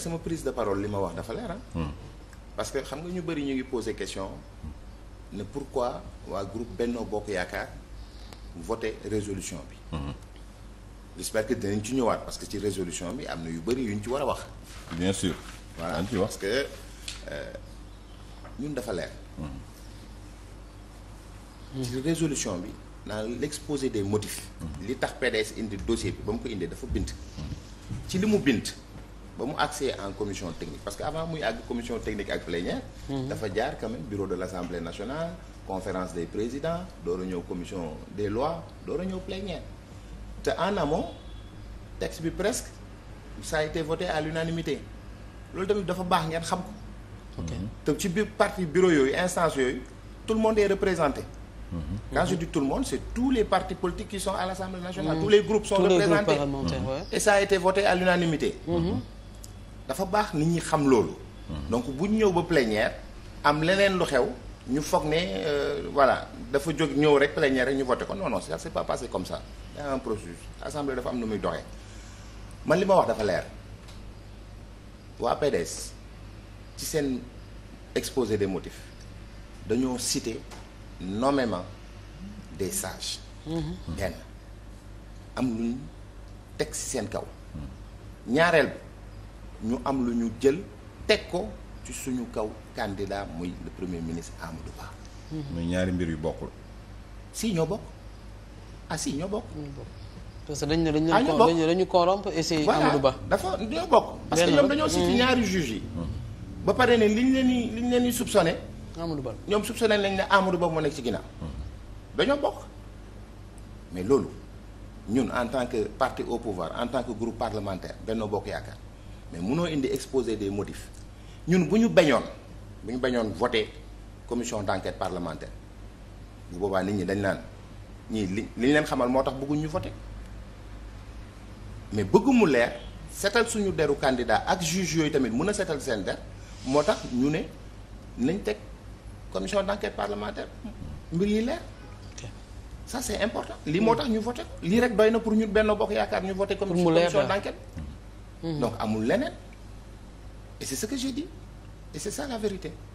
sama prise de parole li ma wax dafa leer hmm. parce que xam nga ñu bëri ñu ngi poser question ne pourquoi waa groupe Benno Bokk Yaakaar voté résolution bi. Hmm. j'espère que dinañ ci ñëwaat parce que ci résolution bi am na yu bëri yuñ ci war a wax. bien sûr. voilà parce que euh, ñun dafa leer. Hmm. ci résolution bi dans l'exposé des motifs. li tax PDS indi dossier bi ba mu ko indee dafa bind. ci li mu bind. ba mu accès en commission technique parce que avant muy àgg commission technique ak plénière hmm. dafa jaar quand même bureau de l'Assemblée nationale conférence des président door a ñëw commission des lois door a ñëw plénière te en amont texte bi presque ça été voté à l'unanimité loolu tamit dafa baax ngeen xam ko te ci bi parti bureau yooyu instance yooyu tout le monde est représenté hmm. quand je dis tout le monde c'est tous les partis politiques qui sont à l'Assemblée nationale hmm. dafa baax nit ñi xam loolu. Hmm. donc buñ ñëw ba plénière am leneen lu xew ñu foog ne euh, voilà dafa jóg ñëw rek plénière rek ñu voté ko non non ça c'est pas passé comme ça y a un processus assemblée dafa am nu muy doxee man li wax dafa leer waa PDS seen exposé des motifs dañoo citer nommément des sages. Mm-hmm. benn am teg ci seen kaw. ñaareel bi ñu am lu ñu jël teg ko ci suñu kaw candidat muy le premier ministre Amadou Ba. muy ñaari mbir yu bokkul. si ñoo bokk ah si ñoo bokk. que dañ ne dañu. ah ñoo bokk dañu corrompre et Amadou Ba. dafa ñoo bokk. parce que ñoom dañoo si ci mm. ñaari juge yi. Mm. ba pare ne liñ leen di liñ leen di soupçonné. Amadou Ba ñoom soupçonné nañ ne Amadou Ba moo nekk ci ginnaaw. Mm. dañoo bokk mais loolu ñun en tant que parti au pouvoir en tant que groupe parlementaire Benno Bokk Yaakaar. mais munoo indi exposé des motifs ñun bu ñu bañoon bu ñu bañoon voté commission d' enquête parlementaire bu boobaa nit ñi dañ naan ñii li li ñu leen xamal moo tax bëgguñ ñu voté mais bëgg mu leer setal suñu deru candidat ak juge yooyu tamit mun a setal seen der moo tax ñu ne nañ teg commission d' enquête parlementaire mbir yi leer ça c' est important lii moo tax ñu voté lii rek doy na pour ñun benn bokk yaakaar ñu voté commission d' enquête donc amul leneen et c'est ce que j'ai dit et c'est ça la vérité